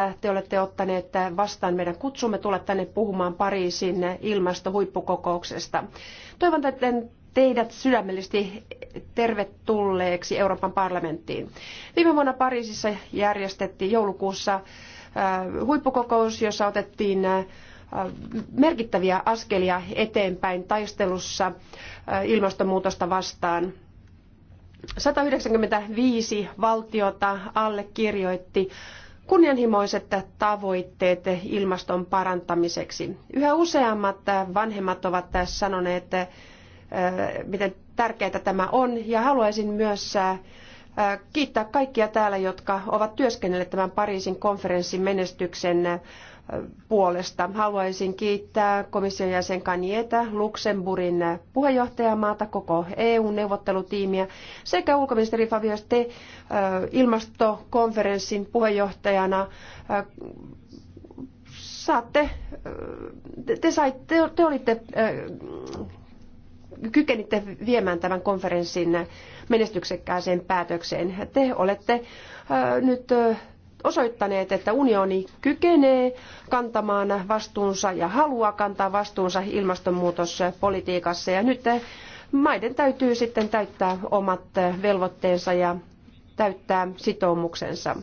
Äh, te olette ottaneet äh, vastaan meidän kutsumme tulla tänne puhumaan Pariisin äh, ilmastohuippukokouksesta. Toivon teidät sydämellisesti tervetulleeksi Euroopan parlamenttiin. Viime vuonna Pariisissa järjestettiin joulukuussa huippukokous, jossa otettiin merkittäviä askelia eteenpäin taistelussa ilmastonmuutosta vastaan. 195 valtiota allekirjoitti kunnianhimoiset tavoitteet ilmaston parantamiseksi. Yhä useammat vanhemmat ovat sanoneet, miten tärkeää tämä on, ja haluaisin myös kiittää kaikkia täällä, jotka ovat työskennelleet tämän Pariisin konferenssin menestyksen puolesta. Haluaisin kiittää komission jäsen Kanieta, Luxemburgin puheenjohtajamaata, koko EU-neuvottelutiimiä sekä ulkoministeri Fabio Ste ilmastokonferenssin puheenjohtajana. Saatte, te, saitte, te olitte kykenitte viemään tämän konferenssin menestyksekkääseen päätökseen. Te olette nyt osoittaneet, että unioni kykenee kantamaan vastuunsa ja haluaa kantaa vastuunsa ilmastonmuutospolitiikassa. Ja nyt maiden täytyy sitten täyttää omat velvoitteensa ja täyttää sitoumuksensa.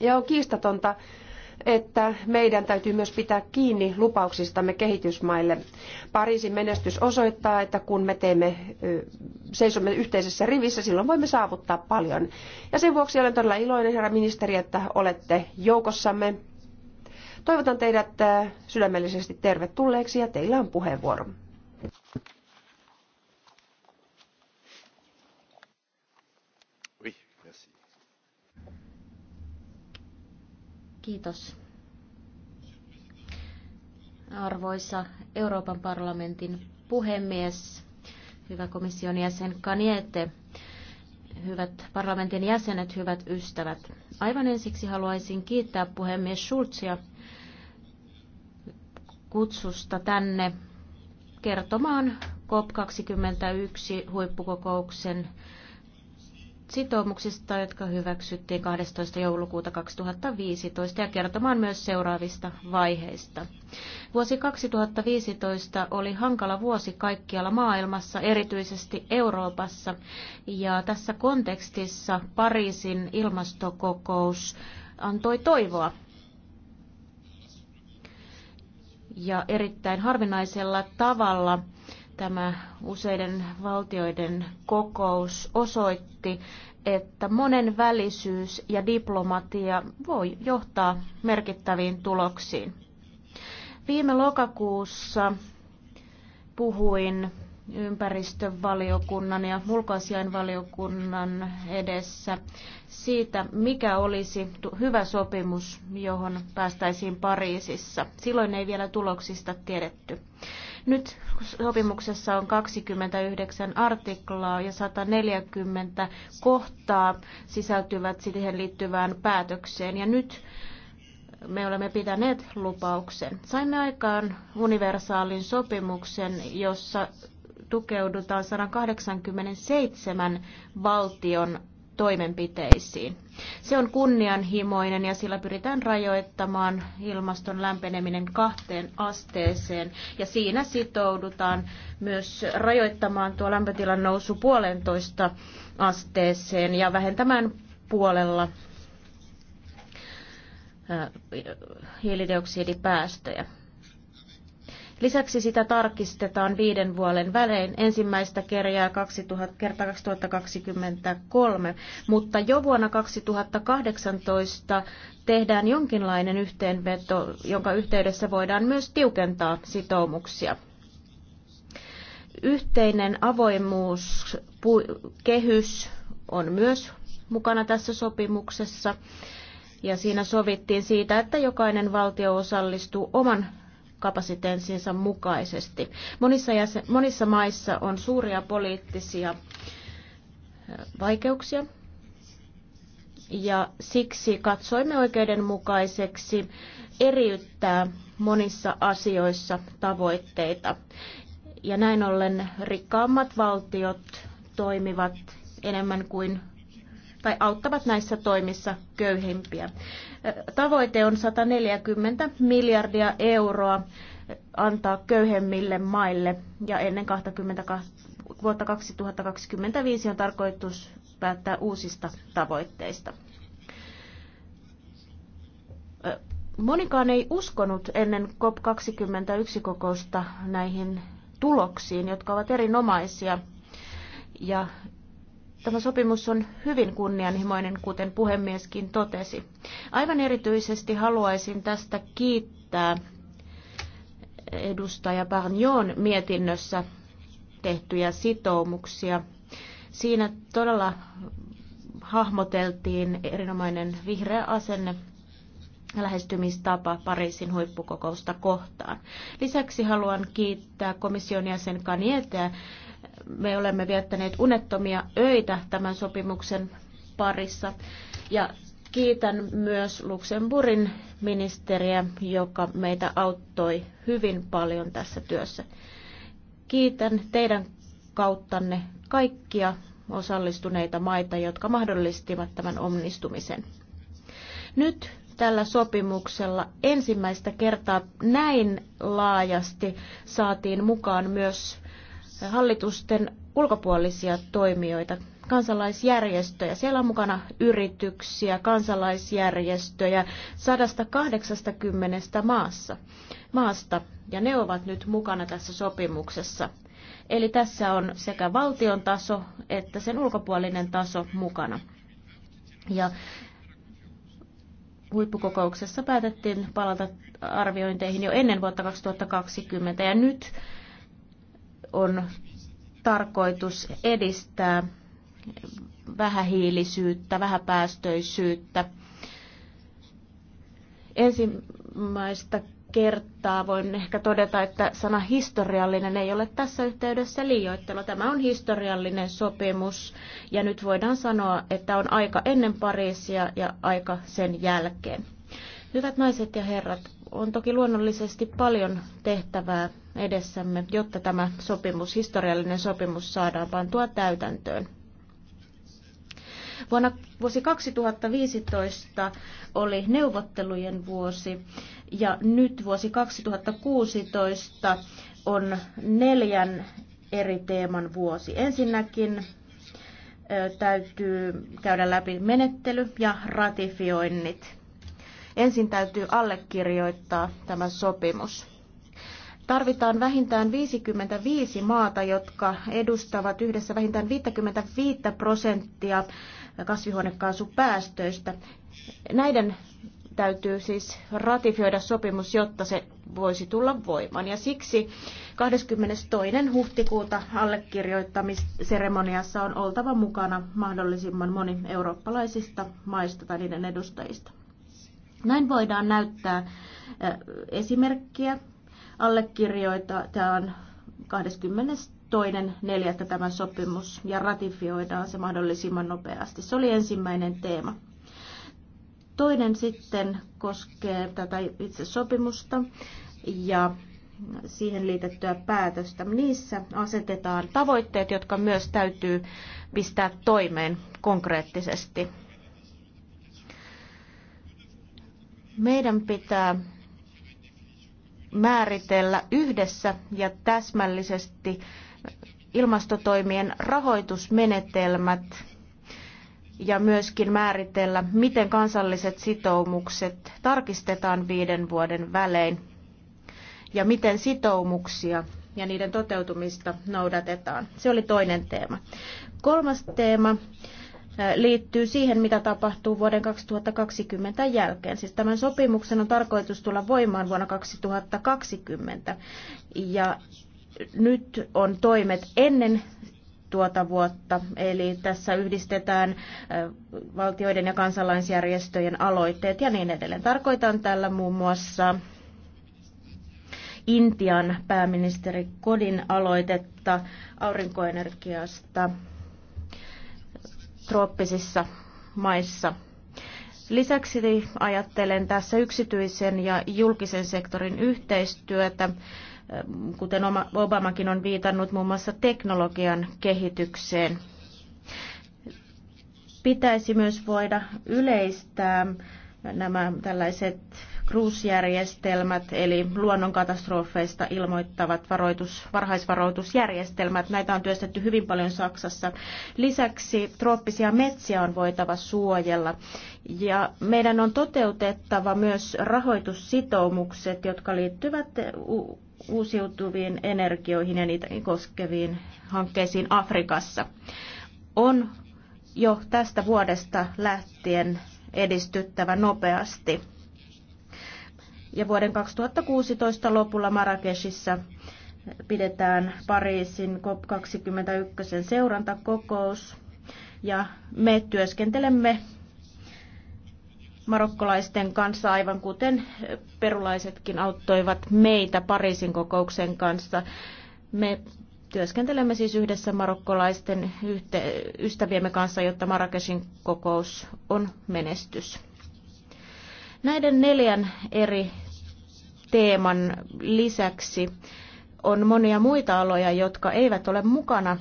Ja on kiistatonta, että meidän täytyy myös pitää kiinni lupauksistamme kehitysmaille. Pariisin menestys osoittaa, että kun me teemme, seisomme yhteisessä rivissä, silloin voimme saavuttaa paljon. Ja sen vuoksi olen todella iloinen, herra ministeri, että olette joukossamme. Toivotan teidät sydämellisesti tervetulleeksi ja teillä on puheenvuoro. Kiitos. Arvoisa Euroopan parlamentin puhemies, hyvä komission jäsen Kaniete, hyvät parlamentin jäsenet, hyvät ystävät. Aivan ensiksi haluaisin kiittää puhemies Schulzia kutsusta tänne kertomaan COP21 huippukokouksen sitoumuksista, jotka hyväksyttiin 12. joulukuuta 2015 ja kertomaan myös seuraavista vaiheista. Vuosi 2015 oli hankala vuosi kaikkialla maailmassa, erityisesti Euroopassa, ja tässä kontekstissa Pariisin ilmastokokous antoi toivoa. Ja erittäin harvinaisella tavalla Tämä useiden valtioiden kokous osoitti, että monenvälisyys ja diplomatia voi johtaa merkittäviin tuloksiin. Viime lokakuussa puhuin ympäristövaliokunnan ja ulkoasiainvaliokunnan edessä siitä, mikä olisi hyvä sopimus, johon päästäisiin Pariisissa. Silloin ei vielä tuloksista tiedetty. Nyt sopimuksessa on 29 artiklaa ja 140 kohtaa sisältyvät siihen liittyvään päätökseen. Ja nyt me olemme pitäneet lupauksen. Saimme aikaan universaalin sopimuksen, jossa tukeudutaan 187 valtion toimenpiteisiin. Se on kunnianhimoinen ja sillä pyritään rajoittamaan ilmaston lämpeneminen kahteen asteeseen ja siinä sitoudutaan myös rajoittamaan tuo lämpötilan nousu puolentoista asteeseen ja vähentämään puolella hiilidioksidipäästöjä. Lisäksi sitä tarkistetaan viiden vuoden välein ensimmäistä kerjää 2000, kertaa 2023, mutta jo vuonna 2018 tehdään jonkinlainen yhteenveto, jonka yhteydessä voidaan myös tiukentaa sitoumuksia yhteinen avoimuuskehys on myös mukana tässä sopimuksessa. Ja siinä sovittiin siitä, että jokainen valtio osallistuu oman kapasiteenssinsa mukaisesti. Monissa, jäsen, monissa maissa on suuria poliittisia vaikeuksia ja siksi katsoimme oikeudenmukaiseksi eriyttää monissa asioissa tavoitteita. Ja näin ollen rikkaammat valtiot toimivat enemmän kuin tai auttavat näissä toimissa köyhimpiä. Tavoite on 140 miljardia euroa antaa köyhemmille maille ja ennen 20, vuotta 2025 on tarkoitus päättää uusista tavoitteista. Monikaan ei uskonut ennen COP21-kokousta näihin tuloksiin, jotka ovat erinomaisia. Ja Tämä sopimus on hyvin kunnianhimoinen, kuten puhemieskin totesi. Aivan erityisesti haluaisin tästä kiittää edustaja Barnion mietinnössä tehtyjä sitoumuksia. Siinä todella hahmoteltiin erinomainen vihreä asenne lähestymistapa Pariisin huippukokousta kohtaan. Lisäksi haluan kiittää komission jäsen Kanietä me olemme viettäneet unettomia öitä tämän sopimuksen parissa. Ja kiitän myös Luxemburgin ministeriä, joka meitä auttoi hyvin paljon tässä työssä. Kiitän teidän kauttanne kaikkia osallistuneita maita, jotka mahdollistivat tämän onnistumisen. Nyt tällä sopimuksella ensimmäistä kertaa näin laajasti saatiin mukaan myös hallitusten ulkopuolisia toimijoita, kansalaisjärjestöjä. Siellä on mukana yrityksiä, kansalaisjärjestöjä 180 maassa, maasta, ja ne ovat nyt mukana tässä sopimuksessa. Eli tässä on sekä valtion taso että sen ulkopuolinen taso mukana. Ja huippukokouksessa päätettiin palata arviointeihin jo ennen vuotta 2020 ja nyt on tarkoitus edistää vähähiilisyyttä, vähäpäästöisyyttä. Ensimmäistä kertaa voin ehkä todeta, että sana historiallinen ei ole tässä yhteydessä liioittelu. Tämä on historiallinen sopimus ja nyt voidaan sanoa, että on aika ennen Pariisia ja aika sen jälkeen. Hyvät naiset ja herrat, on toki luonnollisesti paljon tehtävää edessämme, jotta tämä sopimus, historiallinen sopimus saadaan pantua täytäntöön. Vuonna vuosi 2015 oli neuvottelujen vuosi ja nyt vuosi 2016 on neljän eri teeman vuosi. Ensinnäkin täytyy käydä läpi menettely ja ratifioinnit. Ensin täytyy allekirjoittaa tämä sopimus. Tarvitaan vähintään 55 maata, jotka edustavat yhdessä vähintään 55 prosenttia kasvihuonekaasupäästöistä. Näiden täytyy siis ratifioida sopimus, jotta se voisi tulla voimaan. Ja siksi 22. huhtikuuta allekirjoittamisseremoniassa on oltava mukana mahdollisimman moni eurooppalaisista maista tai niiden edustajista. Näin voidaan näyttää äh, esimerkkiä. Allekirjoitetaan 22 toinen neljättä tämä sopimus ja ratifioidaan se mahdollisimman nopeasti. Se oli ensimmäinen teema. Toinen sitten koskee tätä itse sopimusta ja siihen liitettyä päätöstä. Niissä asetetaan tavoitteet, jotka myös täytyy pistää toimeen konkreettisesti. Meidän pitää määritellä yhdessä ja täsmällisesti ilmastotoimien rahoitusmenetelmät ja myöskin määritellä, miten kansalliset sitoumukset tarkistetaan viiden vuoden välein ja miten sitoumuksia ja niiden toteutumista noudatetaan. Se oli toinen teema. Kolmas teema liittyy siihen, mitä tapahtuu vuoden 2020 jälkeen. Siis tämän sopimuksen on tarkoitus tulla voimaan vuonna 2020. Ja nyt on toimet ennen tuota vuotta. Eli tässä yhdistetään valtioiden ja kansalaisjärjestöjen aloitteet ja niin edelleen. Tarkoitan tällä muun muassa Intian pääministeri Kodin aloitetta aurinkoenergiasta trooppisissa maissa. Lisäksi ajattelen tässä yksityisen ja julkisen sektorin yhteistyötä, kuten Obamakin on viitannut muun muassa teknologian kehitykseen. Pitäisi myös voida yleistää nämä tällaiset Cruise-järjestelmät, eli luonnonkatastrofeista ilmoittavat varoitus, varhaisvaroitusjärjestelmät. Näitä on työstetty hyvin paljon Saksassa. Lisäksi trooppisia metsiä on voitava suojella. Ja meidän on toteutettava myös rahoitussitoumukset, jotka liittyvät uusiutuviin energioihin ja niitä koskeviin hankkeisiin Afrikassa. On jo tästä vuodesta lähtien edistyttävä nopeasti ja vuoden 2016 lopulla Marrakeshissa pidetään Pariisin COP21 seurantakokous ja me työskentelemme marokkolaisten kanssa, aivan kuten perulaisetkin auttoivat meitä Pariisin kokouksen kanssa. Me työskentelemme siis yhdessä marokkolaisten ystäviemme kanssa, jotta Marrakeshin kokous on menestys. Näiden neljän eri teeman lisäksi on monia muita aloja, jotka eivät ole mukana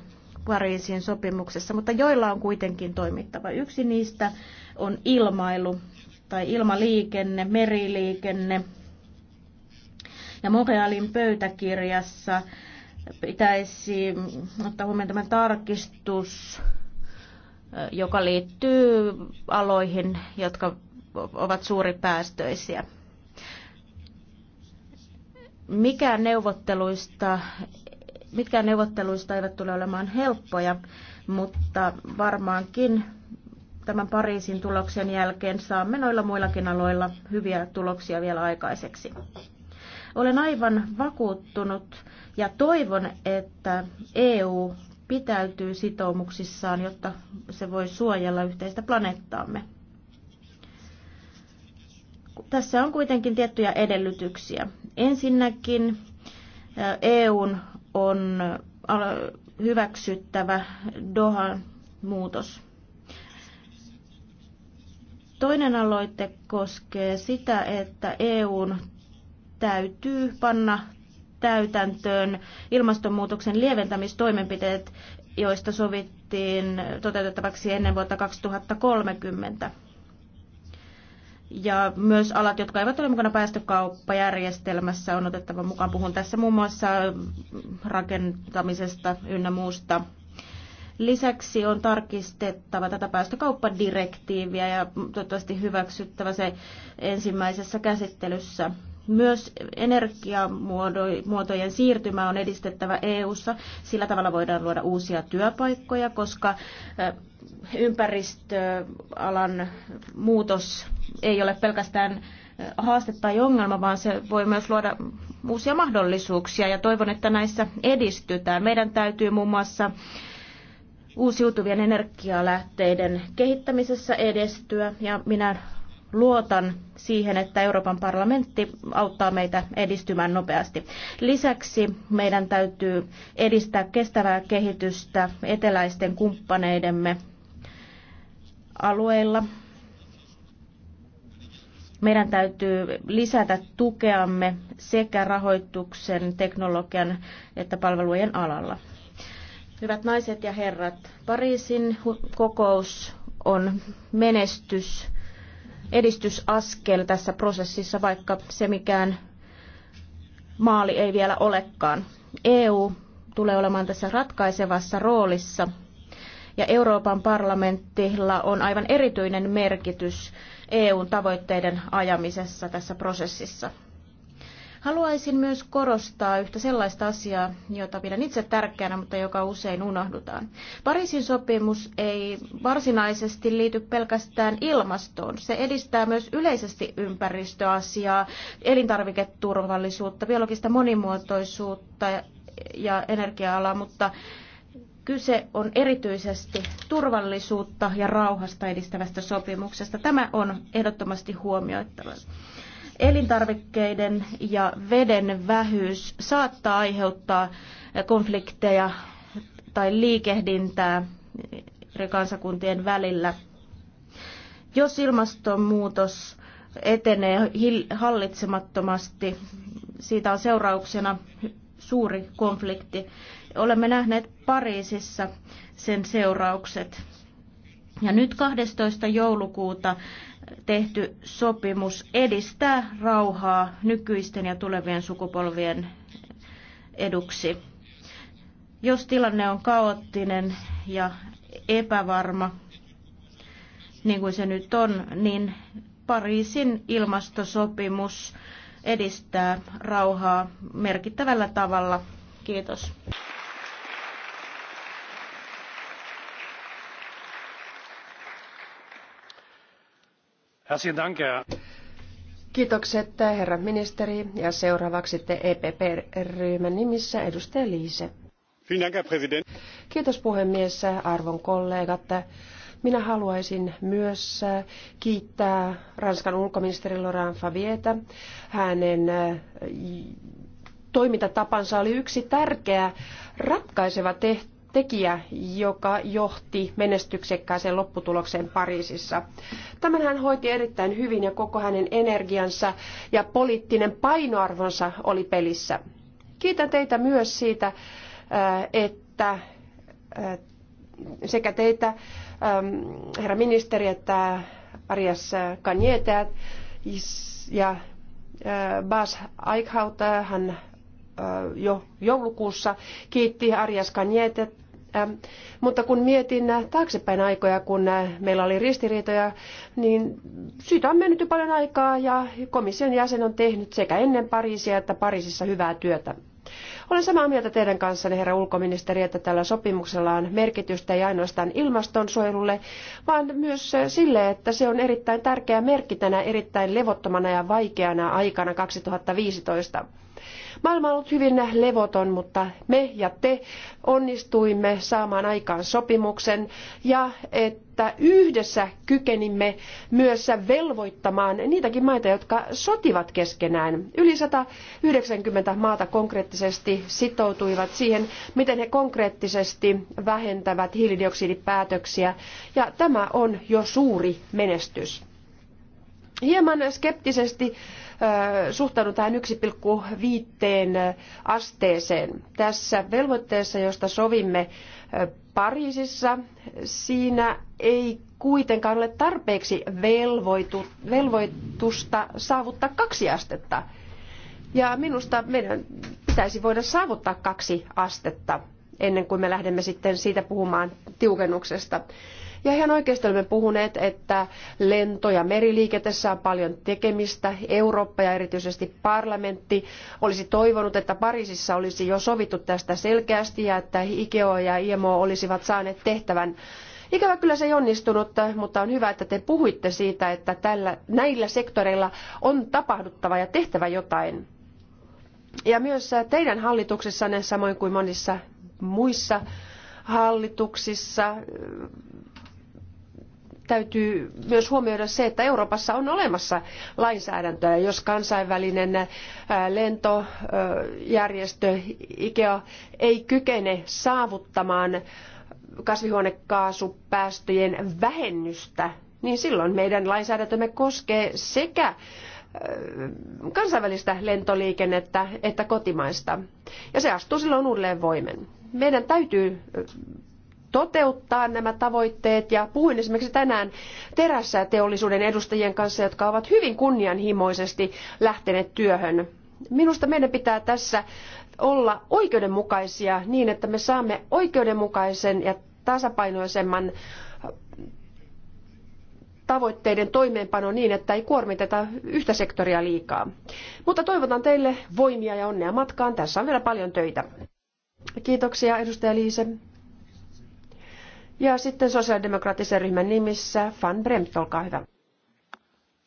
Pariisin sopimuksessa, mutta joilla on kuitenkin toimittava. Yksi niistä on ilmailu tai ilmaliikenne, meriliikenne. Ja Montrealin pöytäkirjassa pitäisi ottaa huomioon tämä tarkistus, joka liittyy aloihin, jotka ovat suuripäästöisiä. Mikään neuvotteluista, mitkään neuvotteluista eivät tule olemaan helppoja, mutta varmaankin tämän Pariisin tuloksen jälkeen saamme noilla muillakin aloilla hyviä tuloksia vielä aikaiseksi. Olen aivan vakuuttunut ja toivon, että EU pitäytyy sitoumuksissaan, jotta se voi suojella yhteistä planeettaamme. Tässä on kuitenkin tiettyjä edellytyksiä. Ensinnäkin EUn on hyväksyttävä Dohan muutos. Toinen aloite koskee sitä, että EUn täytyy panna täytäntöön ilmastonmuutoksen lieventämistoimenpiteet, joista sovittiin toteutettavaksi ennen vuotta 2030 ja myös alat, jotka eivät ole mukana päästökauppajärjestelmässä, on otettava mukaan. Puhun tässä muun muassa rakentamisesta ynnä muusta. Lisäksi on tarkistettava tätä päästökauppadirektiiviä ja toivottavasti hyväksyttävä se ensimmäisessä käsittelyssä. Myös energiamuotojen siirtymä on edistettävä EU:ssa. Sillä tavalla voidaan luoda uusia työpaikkoja, koska ympäristöalan muutos ei ole pelkästään haaste tai ongelma, vaan se voi myös luoda uusia mahdollisuuksia ja toivon, että näissä edistytään. Meidän täytyy muun muassa uusiutuvien energialähteiden kehittämisessä edistyä ja minä luotan siihen, että Euroopan parlamentti auttaa meitä edistymään nopeasti. Lisäksi meidän täytyy edistää kestävää kehitystä eteläisten kumppaneidemme alueilla meidän täytyy lisätä tukeamme sekä rahoituksen, teknologian että palvelujen alalla. Hyvät naiset ja herrat, Pariisin kokous on menestys, edistysaskel tässä prosessissa, vaikka se mikään maali ei vielä olekaan. EU tulee olemaan tässä ratkaisevassa roolissa ja Euroopan parlamentilla on aivan erityinen merkitys EUn tavoitteiden ajamisessa tässä prosessissa. Haluaisin myös korostaa yhtä sellaista asiaa, jota pidän itse tärkeänä, mutta joka usein unohdutaan. Pariisin sopimus ei varsinaisesti liity pelkästään ilmastoon. Se edistää myös yleisesti ympäristöasiaa, elintarviketurvallisuutta, biologista monimuotoisuutta ja energia-alaa, mutta Kyse on erityisesti turvallisuutta ja rauhasta edistävästä sopimuksesta. Tämä on ehdottomasti huomioittava. Elintarvikkeiden ja veden vähyys saattaa aiheuttaa konflikteja tai liikehdintää eri kansakuntien välillä. Jos ilmastonmuutos etenee hallitsemattomasti, siitä on seurauksena suuri konflikti olemme nähneet Pariisissa sen seuraukset. Ja nyt 12. joulukuuta tehty sopimus edistää rauhaa nykyisten ja tulevien sukupolvien eduksi. Jos tilanne on kaoottinen ja epävarma, niin kuin se nyt on, niin Pariisin ilmastosopimus edistää rauhaa merkittävällä tavalla. Kiitos. Kiitokset herra ministeri ja seuraavaksi te EPP-ryhmän nimissä edustaja Liise. Kiitos puhemies, arvon kollegat. Minä haluaisin myös kiittää Ranskan ulkoministeri Laurent Favietä. Hänen äh, toimintatapansa oli yksi tärkeä ratkaiseva tehtävä tekijä, joka johti menestyksekkääseen lopputulokseen Pariisissa. Tämän hän hoiti erittäin hyvin ja koko hänen energiansa ja poliittinen painoarvonsa oli pelissä. Kiitän teitä myös siitä, äh, että äh, sekä teitä, ähm, herra ministeri, että Arias Kanjetea ja äh, Bas Eichhaut, hän jo joulukuussa kiitti Arias Kanjetet että, Mutta kun mietin taaksepäin aikoja, kun meillä oli ristiriitoja, niin siitä on mennyt jo paljon aikaa ja komission jäsen on tehnyt sekä ennen Pariisia että Pariisissa hyvää työtä. Olen samaa mieltä teidän kanssanne, herra ulkoministeri, että tällä sopimuksella on merkitystä ei ainoastaan ilmastonsuojelulle, vaan myös sille, että se on erittäin tärkeä merkki tänä erittäin levottomana ja vaikeana aikana 2015. Maailma on ollut hyvin levoton, mutta me ja te onnistuimme saamaan aikaan sopimuksen ja että yhdessä kykenimme myös velvoittamaan niitäkin maita, jotka sotivat keskenään. Yli 190 maata konkreettisesti sitoutuivat siihen, miten he konkreettisesti vähentävät hiilidioksidipäätöksiä ja tämä on jo suuri menestys. Hieman skeptisesti suhtaudun tähän 1,5 asteeseen. Tässä velvoitteessa, josta sovimme Pariisissa, siinä ei kuitenkaan ole tarpeeksi velvoitusta saavuttaa kaksi astetta. Ja minusta meidän pitäisi voida saavuttaa kaksi astetta ennen kuin me lähdemme sitten siitä puhumaan tiukennuksesta. Ja ihan oikeasti olemme puhuneet, että lento- ja meriliikenteessä on paljon tekemistä. Eurooppa ja erityisesti parlamentti olisi toivonut, että Pariisissa olisi jo sovittu tästä selkeästi ja että IKEO ja IMO olisivat saaneet tehtävän Ikävä kyllä se ei onnistunut, mutta on hyvä, että te puhuitte siitä, että tällä, näillä sektoreilla on tapahduttava ja tehtävä jotain. Ja myös teidän hallituksessanne, samoin kuin monissa muissa hallituksissa, täytyy myös huomioida se, että Euroopassa on olemassa lainsäädäntöä. Jos kansainvälinen äh, lentojärjestö äh, IKEA ei kykene saavuttamaan kasvihuonekaasupäästöjen vähennystä, niin silloin meidän lainsäädäntömme koskee sekä äh, kansainvälistä lentoliikennettä että kotimaista. Ja se astuu silloin uudelleen voimen. Meidän täytyy toteuttaa nämä tavoitteet ja puhuin esimerkiksi tänään terässä teollisuuden edustajien kanssa, jotka ovat hyvin kunnianhimoisesti lähteneet työhön. Minusta meidän pitää tässä olla oikeudenmukaisia niin, että me saamme oikeudenmukaisen ja tasapainoisemman tavoitteiden toimeenpano niin, että ei kuormiteta yhtä sektoria liikaa. Mutta toivotan teille voimia ja onnea matkaan. Tässä on vielä paljon töitä. Kiitoksia edustaja Liise. Ja sitten sosiaalidemokraattisen ryhmän nimissä Van Bremt, olkaa hyvä.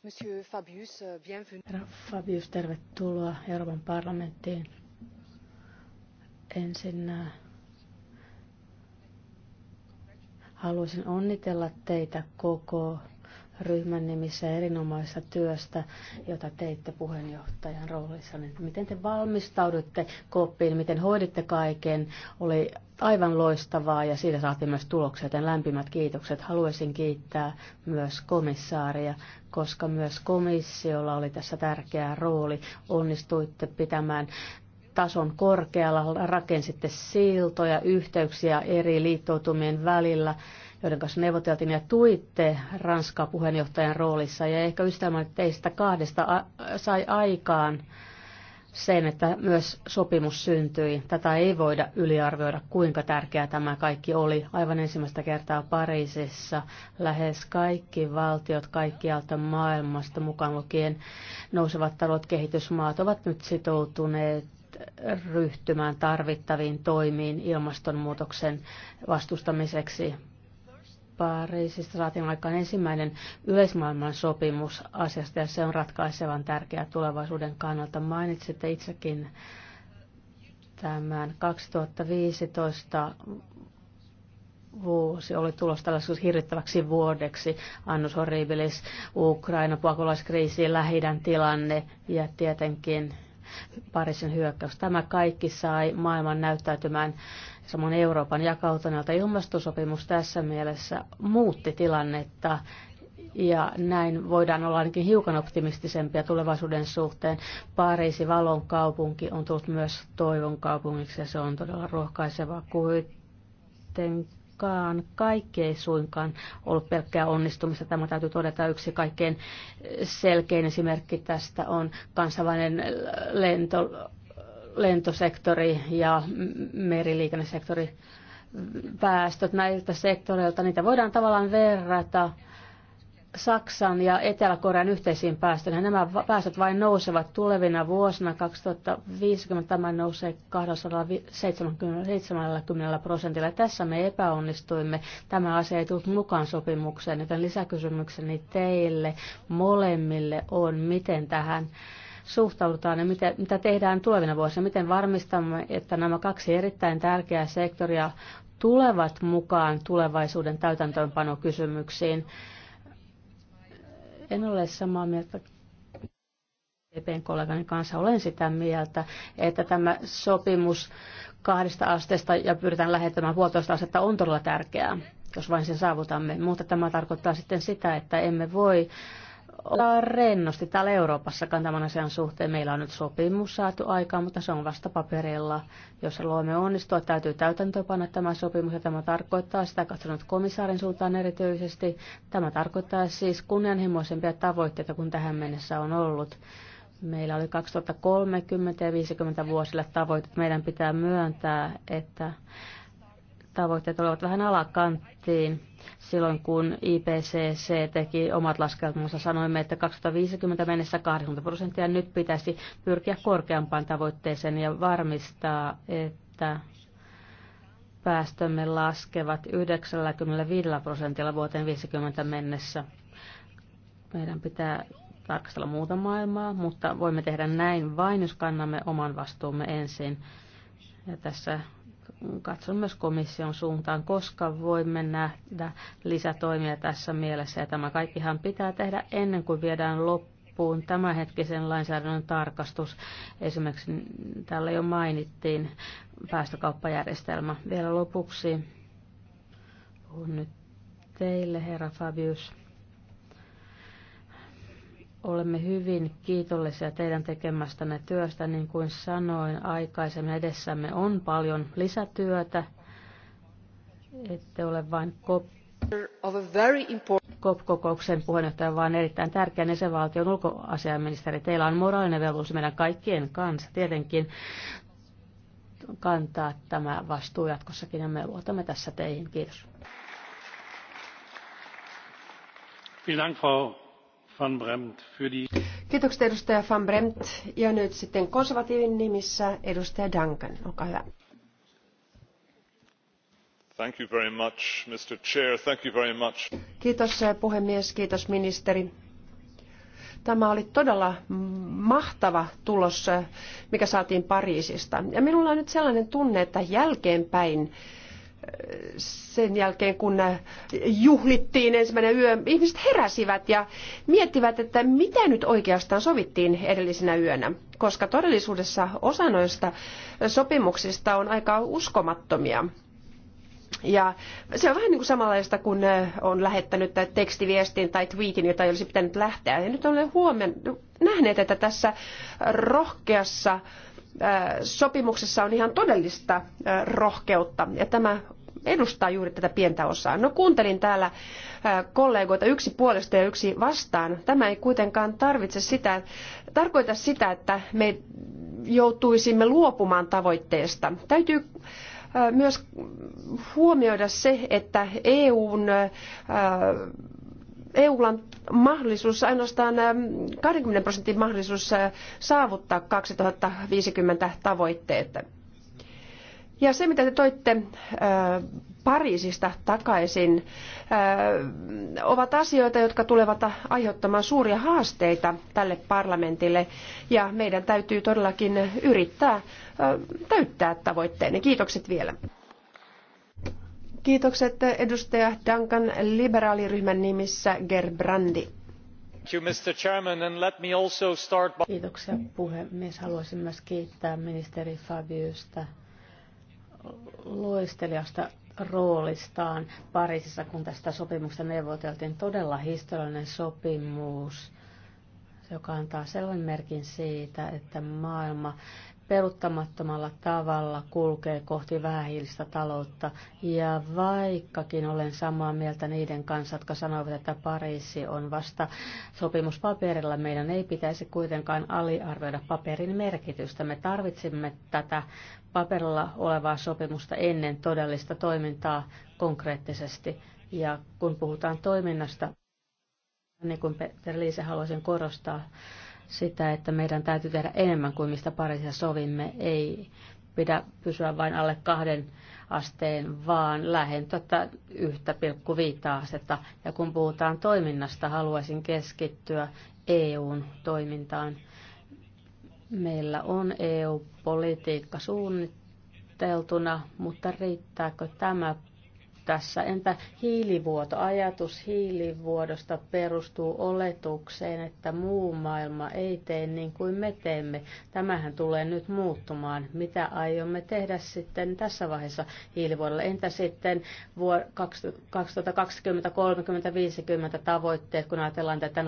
Monsieur Fabius, bienvenue. Fabius, tervetuloa Euroopan parlamenttiin. Ensin äh, haluaisin onnitella teitä koko ryhmän nimissä erinomaisesta työstä, jota teitte puheenjohtajan roolissa. Niin miten te valmistaudutte koppiin, miten hoiditte kaiken, oli aivan loistavaa ja siitä saatiin myös tuloksia, joten lämpimät kiitokset. Haluaisin kiittää myös komissaaria, koska myös komissiolla oli tässä tärkeä rooli. Onnistuitte pitämään tason korkealla, rakensitte siltoja, yhteyksiä eri liittoutumien välillä joiden kanssa neuvoteltiin ja tuitte Ranskaa puheenjohtajan roolissa. Ja ehkä ystävät teistä kahdesta sai aikaan sen, että myös sopimus syntyi. Tätä ei voida yliarvioida, kuinka tärkeää tämä kaikki oli. Aivan ensimmäistä kertaa Pariisissa lähes kaikki valtiot kaikkialta maailmasta, mukaan lukien nousevat talot kehitysmaat, ovat nyt sitoutuneet ryhtymään tarvittaviin toimiin ilmastonmuutoksen vastustamiseksi. Pariisista saatiin aikaan ensimmäinen yleismaailman sopimus asiasta ja se on ratkaisevan tärkeää tulevaisuuden kannalta. Mainitsitte itsekin tämän 2015 vuosi oli tulossa tällaiseksi hirvittäväksi vuodeksi. Annus Horribilis, Ukraina, pakolaiskriisi, lähidän tilanne ja tietenkin Pariisin hyökkäys. Tämä kaikki sai maailman näyttäytymään samoin Euroopan jakautuneelta. Ilmastosopimus tässä mielessä muutti tilannetta ja näin voidaan olla ainakin hiukan optimistisempia tulevaisuuden suhteen. Pariisi valon kaupunki on tullut myös toivon kaupungiksi ja se on todella rohkaisevaa kuitenkin koskaan kaikki ei suinkaan ollut pelkkää onnistumista. Tämä täytyy todeta yksi kaikkein selkein esimerkki tästä on kansainvälinen lento, lentosektori ja meriliikennesektori päästöt näiltä sektoreilta. Niitä voidaan tavallaan verrata Saksan ja Etelä-Korean yhteisiin päästöihin. Nämä päästöt vain nousevat tulevina vuosina. 2050 tämä nousee 270 prosentilla. Tässä me epäonnistuimme. Tämä asia ei tullut mukaan sopimukseen, joten lisäkysymykseni teille molemmille on, miten tähän suhtaudutaan ja mitä, mitä tehdään tulevina vuosina. Miten varmistamme, että nämä kaksi erittäin tärkeää sektoria tulevat mukaan tulevaisuuden täytäntöönpanokysymyksiin. kysymyksiin en ole samaa mieltä EPn kollegani kanssa. Olen sitä mieltä, että tämä sopimus kahdesta asteesta ja pyritään lähettämään puolitoista astetta on todella tärkeää, jos vain sen saavutamme. Mutta tämä tarkoittaa sitten sitä, että emme voi olla rennosti täällä Euroopassakaan tämän asian suhteen. Meillä on nyt sopimus saatu aikaan, mutta se on vasta paperilla. Jos haluamme onnistua, täytyy täytäntöönpanna tämä sopimus ja tämä tarkoittaa sitä katsonut komissaarin suuntaan erityisesti. Tämä tarkoittaa siis kunnianhimoisempia tavoitteita kuin tähän mennessä on ollut. Meillä oli 2030 ja 50 vuosille tavoitteet. Meidän pitää myöntää, että tavoitteet olivat vähän alakanttiin silloin, kun IPCC teki omat laskelmansa. Sanoimme, että 2050 mennessä 80 prosenttia nyt pitäisi pyrkiä korkeampaan tavoitteeseen ja varmistaa, että päästömme laskevat 95 prosentilla vuoteen 50 mennessä. Meidän pitää tarkastella muuta maailmaa, mutta voimme tehdä näin vain, jos kannamme oman vastuumme ensin. Ja tässä katson myös komission suuntaan, koska voimme nähdä lisätoimia tässä mielessä. Ja tämä kaikkihan pitää tehdä ennen kuin viedään loppuun tämänhetkisen lainsäädännön tarkastus. Esimerkiksi täällä jo mainittiin päästökauppajärjestelmä. Vielä lopuksi puhun nyt teille, herra Fabius. Olemme hyvin kiitollisia teidän tekemästänne työstä. Niin kuin sanoin aikaisemmin, edessämme on paljon lisätyötä. Ette ole vain COP-kokouksen puheenjohtaja, vaan erittäin tärkeä jäsenvaltion ulkoasiaministeri. Teillä on moraalinen velvollisuus meidän kaikkien kanssa tietenkin kantaa tämä vastuu jatkossakin ja me luotamme tässä teihin. Kiitos. Vielen Dank, Frau Van Bremt. Für die... Kiitokset edustaja Van Bremt. Ja nyt sitten konservatiivin nimissä edustaja Duncan. Olkaa hyvä. Thank you very much, Mr. Chair. Thank you very much. Kiitos eh, puhemies, kiitos ministeri. Tämä oli todella mahtava tulos, eh, mikä saatiin Pariisista. Ja minulla on nyt sellainen tunne, että jälkeenpäin sen jälkeen, kun juhlittiin ensimmäinen yö, ihmiset heräsivät ja miettivät, että mitä nyt oikeastaan sovittiin edellisenä yönä. Koska todellisuudessa osa noista sopimuksista on aika uskomattomia. Ja se on vähän niin kuin samanlaista, kun on lähettänyt tekstiviestin tai tweetin, jota ei olisi pitänyt lähteä. Ja nyt olen huomenna nähneet, että tässä rohkeassa äh, Äh, sopimuksessa on ihan todellista äh, rohkeutta ja tämä edustaa juuri tätä pientä osaa. No kuuntelin täällä äh, kollegoita yksi puolesta ja yksi vastaan. Tämä ei kuitenkaan tarvitse sitä, tarkoita sitä, että me joutuisimme luopumaan tavoitteesta. Täytyy myös huomioida se, että EUn EUlla on mahdollisuus, ainoastaan 20 ähm, prosentin mahdollisuus äh, saavuttaa 2050 tavoitteet. Ja se, mitä te toitte äh, Pariisista takaisin, äh, ovat asioita, jotka tulevat aiheuttamaan suuria haasteita tälle parlamentille. Ja meidän täytyy todellakin yrittää täyttää tavoitteenne. Kiitokset vielä. Kiitokset edustaja Duncan liberaaliryhmän nimissä Gerbrandi. Kiitoksia puhemies. Haluaisin myös kiittää ministeri Fabiusta loistelijasta roolistaan Pariisissa, kun tästä sopimuksesta neuvoteltiin. Todella historiallinen sopimus, joka antaa selvän merkin siitä, että maailma peruttamattomalla tavalla kulkee kohti vähähiilistä taloutta. Ja vaikkakin olen samaa mieltä niiden kanssa, jotka sanovat, että Pariisi on vasta sopimuspaperilla, meidän ei pitäisi kuitenkaan aliarvioida paperin merkitystä. Me tarvitsemme tätä paperilla olevaa sopimusta ennen todellista toimintaa konkreettisesti. Ja kun puhutaan toiminnasta, niin kuin Peter Liise haluaisin korostaa, sitä, että meidän täytyy tehdä enemmän kuin mistä parissa sovimme. Ei pidä pysyä vain alle kahden asteen, vaan lähentyä 1,5 astetta. Ja kun puhutaan toiminnasta, haluaisin keskittyä EUn toimintaan. Meillä on EU-politiikka suunniteltuna, mutta riittääkö tämä tässä. Entä hiilivuoto? Ajatus hiilivuodosta perustuu oletukseen, että muu maailma ei tee niin kuin me teemme. Tämähän tulee nyt muuttumaan. Mitä aiomme tehdä sitten tässä vaiheessa hiilivuodolla? Entä sitten vuor- 2020, 30, 50 tavoitteet, kun ajatellaan tätä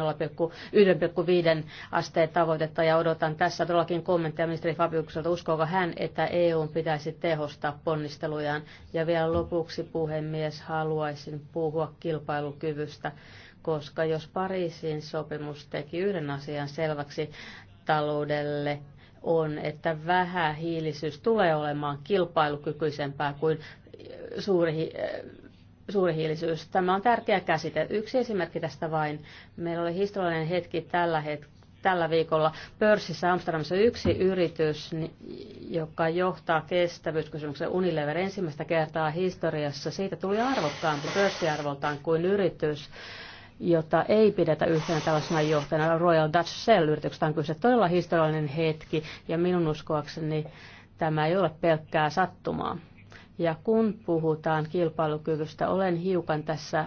1,5 asteen tavoitetta ja odotan tässä todellakin kommentteja ministeri Fabiukselta. Uskooko hän, että EU pitäisi tehostaa ponnistelujaan? Ja vielä lopuksi puhemies puhemies, haluaisin puhua kilpailukyvystä, koska jos Pariisin sopimus teki yhden asian selväksi taloudelle, on, että vähähiilisyys tulee olemaan kilpailukykyisempää kuin suuri, eh, suurihiilisyys. Tämä on tärkeä käsite. Yksi esimerkki tästä vain. Meillä oli historiallinen hetki tällä hetkellä tällä viikolla pörssissä Amsterdamissa yksi yritys, joka johtaa kestävyyskysymyksen Unilever ensimmäistä kertaa historiassa. Siitä tuli arvokkaampi pörssiarvoltaan kuin yritys jota ei pidetä yhtenä tällaisena johtajana. Royal Dutch Shell-yrityksestä on kyse todella historiallinen hetki, ja minun uskoakseni tämä ei ole pelkkää sattumaa. Ja kun puhutaan kilpailukyvystä, olen hiukan tässä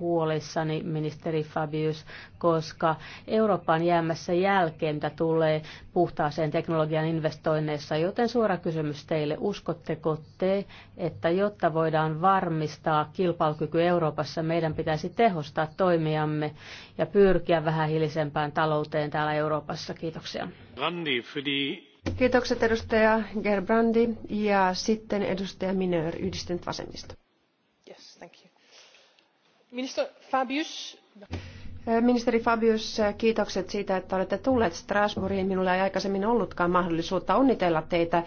huolissani, ministeri Fabius, koska Eurooppa on jäämässä jälkeen, mitä tulee puhtaaseen teknologian investoinneissa. Joten suora kysymys teille, uskotteko te, että jotta voidaan varmistaa kilpailukyky Euroopassa, meidän pitäisi tehostaa toimiamme ja pyrkiä vähähiilisempään talouteen täällä Euroopassa? Kiitoksia. Randi, Kiitokset edustaja Gerbrandi ja sitten edustaja Minör yhdistynyt vasemmista. Ministeri Fabius, kiitokset siitä, että olette tullut Strasbourgiin. Minulla ei aikaisemmin ollutkaan mahdollisuutta onnitella teitä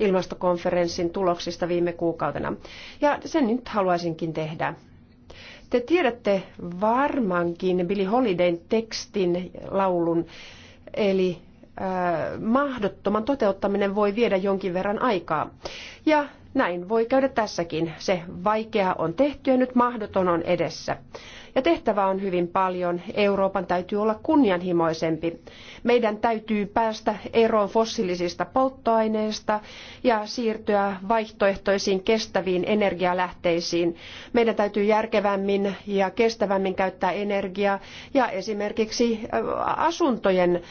ilmastokonferenssin tuloksista viime kuukautena. Ja sen nyt haluaisinkin tehdä. Te tiedätte varmaankin Billy Holidayn tekstin laulun, eli mahdottoman toteuttaminen voi viedä jonkin verran aikaa. Ja näin voi käydä tässäkin. Se vaikea on tehty ja nyt mahdoton on edessä. Ja tehtävä on hyvin paljon. Euroopan täytyy olla kunnianhimoisempi. Meidän täytyy päästä eroon fossiilisista polttoaineista ja siirtyä vaihtoehtoisiin kestäviin energialähteisiin. Meidän täytyy järkevämmin ja kestävämmin käyttää energiaa ja esimerkiksi asuntojen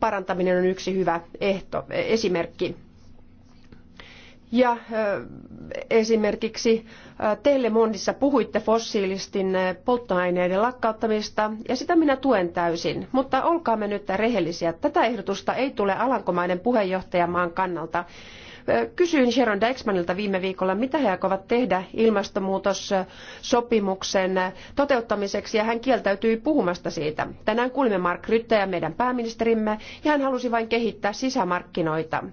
parantaminen on yksi hyvä ehto, esimerkki ja esimerkiksi Telemondissa puhuitte fossiilisten polttoaineiden lakkauttamista, ja sitä minä tuen täysin. Mutta olkaamme nyt rehellisiä. Tätä ehdotusta ei tule Alankomaiden puheenjohtajamaan kannalta. Kysyin Sharon Dexmanilta viime viikolla, mitä he aikovat tehdä ilmastonmuutossopimuksen toteuttamiseksi, ja hän kieltäytyi puhumasta siitä. Tänään kuulimme Mark ja meidän pääministerimme, ja hän halusi vain kehittää sisämarkkinoita.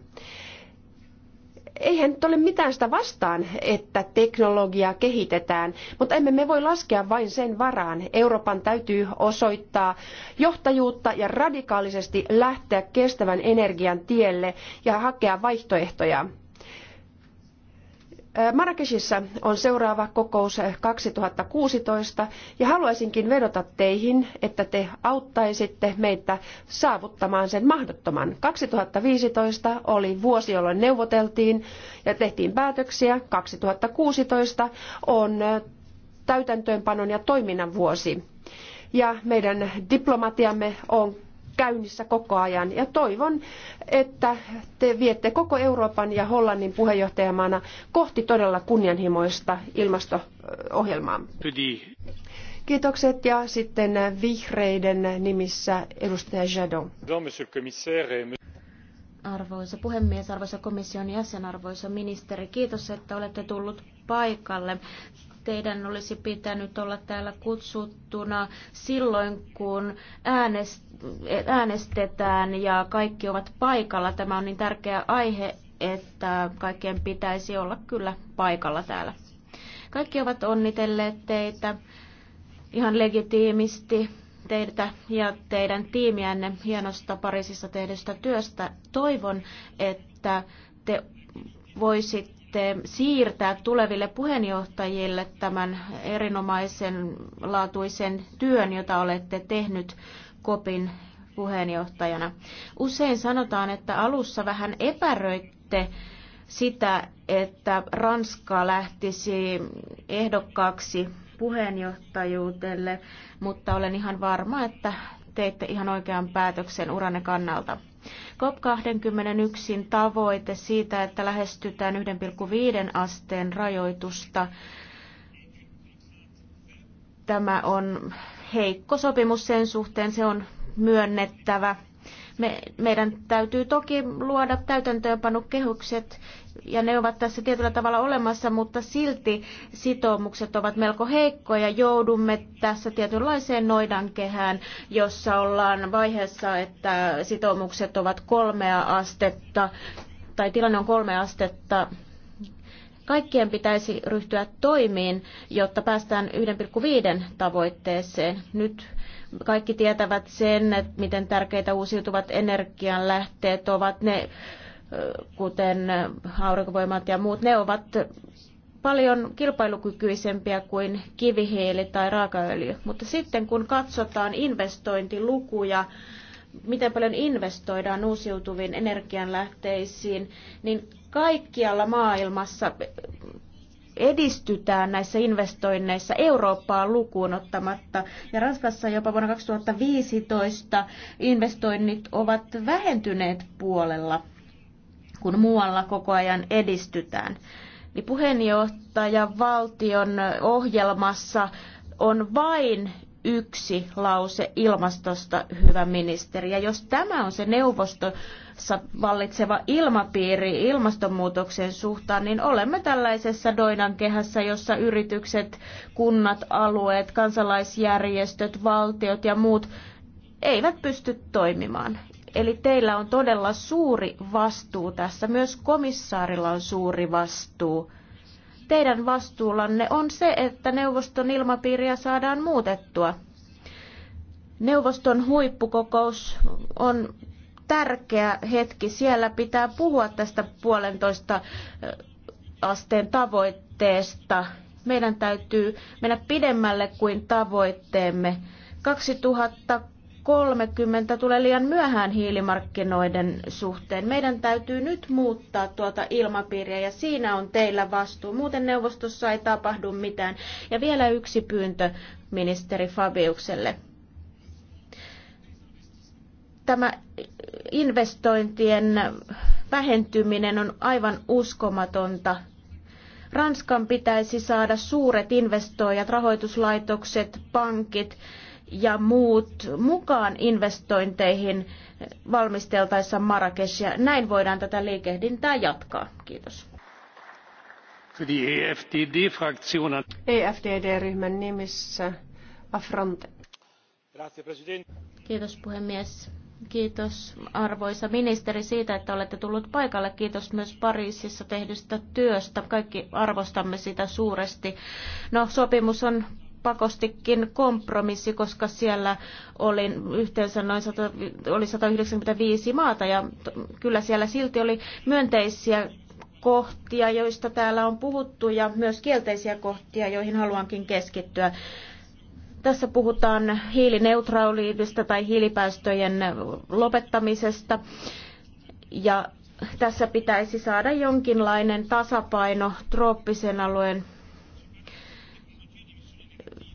Eihän nyt ole mitään sitä vastaan, että teknologiaa kehitetään, mutta emme me voi laskea vain sen varaan. Euroopan täytyy osoittaa johtajuutta ja radikaalisesti lähteä kestävän energian tielle ja hakea vaihtoehtoja. Marrakeshissa on seuraava kokous 2016 ja haluaisinkin vedota teihin, että te auttaisitte meitä saavuttamaan sen mahdottoman. 2015 oli vuosi, jolloin neuvoteltiin ja tehtiin päätöksiä. 2016 on täytäntöönpanon ja toiminnan vuosi. Ja meidän diplomatiamme on käynnissä koko ajan. Ja toivon, että te viette koko Euroopan ja Hollannin puheenjohtajamaana kohti todella kunnianhimoista ilmasto-ohjelmaa. Kiitokset ja sitten vihreiden nimissä edustaja Jadon. Arvoisa puhemies, arvoisa komission jäsen, arvoisa ministeri, kiitos, että olette tullut paikalle teidän olisi pitänyt olla täällä kutsuttuna silloin, kun äänestetään ja kaikki ovat paikalla. Tämä on niin tärkeä aihe, että kaikkien pitäisi olla kyllä paikalla täällä. Kaikki ovat onnitelleet teitä ihan legitiimisti teitä ja teidän tiimiänne hienosta Pariisissa tehdystä työstä. Toivon, että te voisit sitten siirtää tuleville puheenjohtajille tämän erinomaisen laatuisen työn, jota olette tehnyt kopin puheenjohtajana. Usein sanotaan, että alussa vähän epäröitte sitä, että Ranska lähtisi ehdokkaaksi puheenjohtajuudelle, mutta olen ihan varma, että teitte ihan oikean päätöksen uranne kannalta. COP21 tavoite siitä, että lähestytään 1,5 asteen rajoitusta, tämä on heikko sopimus sen suhteen, se on myönnettävä. Me, meidän täytyy toki luoda täytäntöönpanokehykset, ja ne ovat tässä tietyllä tavalla olemassa, mutta silti sitoumukset ovat melko heikkoja. Joudumme tässä tietynlaiseen noidankehään, jossa ollaan vaiheessa, että sitoumukset ovat kolmea astetta tai tilanne on kolme astetta. Kaikkien pitäisi ryhtyä toimiin, jotta päästään 1,5 tavoitteeseen. Nyt kaikki tietävät sen, että miten tärkeitä uusiutuvat energianlähteet ovat. Ne kuten aurinkovoimat ja muut, ne ovat paljon kilpailukykyisempiä kuin kivihiili tai raakaöljy. Mutta sitten kun katsotaan investointilukuja, miten paljon investoidaan uusiutuviin energianlähteisiin, niin kaikkialla maailmassa edistytään näissä investoinneissa Eurooppaa lukuun ottamatta. Ja Ranskassa jopa vuonna 2015 investoinnit ovat vähentyneet puolella kun muualla koko ajan edistytään. Niin puheenjohtaja valtion ohjelmassa on vain yksi lause ilmastosta, hyvä ministeri. Ja jos tämä on se neuvostossa vallitseva ilmapiiri ilmastonmuutoksen suhtaan, niin olemme tällaisessa doinankehässä, jossa yritykset, kunnat, alueet, kansalaisjärjestöt, valtiot ja muut eivät pysty toimimaan. Eli teillä on todella suuri vastuu tässä. Myös komissaarilla on suuri vastuu. Teidän vastuullanne on se, että neuvoston ilmapiiriä saadaan muutettua. Neuvoston huippukokous on tärkeä hetki. Siellä pitää puhua tästä puolentoista asteen tavoitteesta. Meidän täytyy mennä pidemmälle kuin tavoitteemme. 2000 2030 tulee liian myöhään hiilimarkkinoiden suhteen. Meidän täytyy nyt muuttaa tuota ilmapiiriä ja siinä on teillä vastuu. Muuten neuvostossa ei tapahdu mitään. Ja vielä yksi pyyntö ministeri Fabiukselle. Tämä investointien vähentyminen on aivan uskomatonta. Ranskan pitäisi saada suuret investoijat, rahoituslaitokset, pankit, ja muut mukaan investointeihin valmisteltaessa Marrakeshia. Näin voidaan tätä liikehdintää jatkaa. Kiitos. EFDD-ryhmän e e nimissä Afronte. Kiitos puhemies. Kiitos arvoisa ministeri siitä, että olette tullut paikalle. Kiitos myös Pariisissa tehdystä työstä. Kaikki arvostamme sitä suuresti. No, sopimus on pakostikin kompromissi, koska siellä oli yhteensä noin 100, oli 195 maata ja kyllä siellä silti oli myönteisiä kohtia, joista täällä on puhuttu ja myös kielteisiä kohtia, joihin haluankin keskittyä. Tässä puhutaan hiilineutraaliudesta tai hiilipäästöjen lopettamisesta ja tässä pitäisi saada jonkinlainen tasapaino trooppisen alueen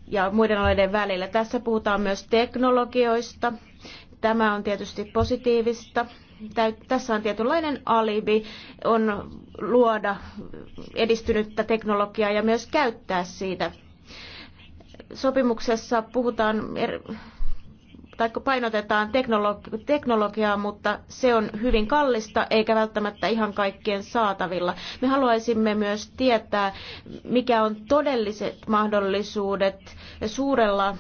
ja muiden alueiden välillä. Tässä puhutaan myös teknologioista. Tämä on tietysti positiivista. Tässä on tietynlainen alibi, on luoda edistynyttä teknologiaa ja myös käyttää siitä. Sopimuksessa puhutaan er- tai painotetaan teknologi- teknologiaa, mutta se on hyvin kallista eikä välttämättä ihan kaikkien saatavilla. Me haluaisimme myös tietää, mikä on todelliset mahdollisuudet suurella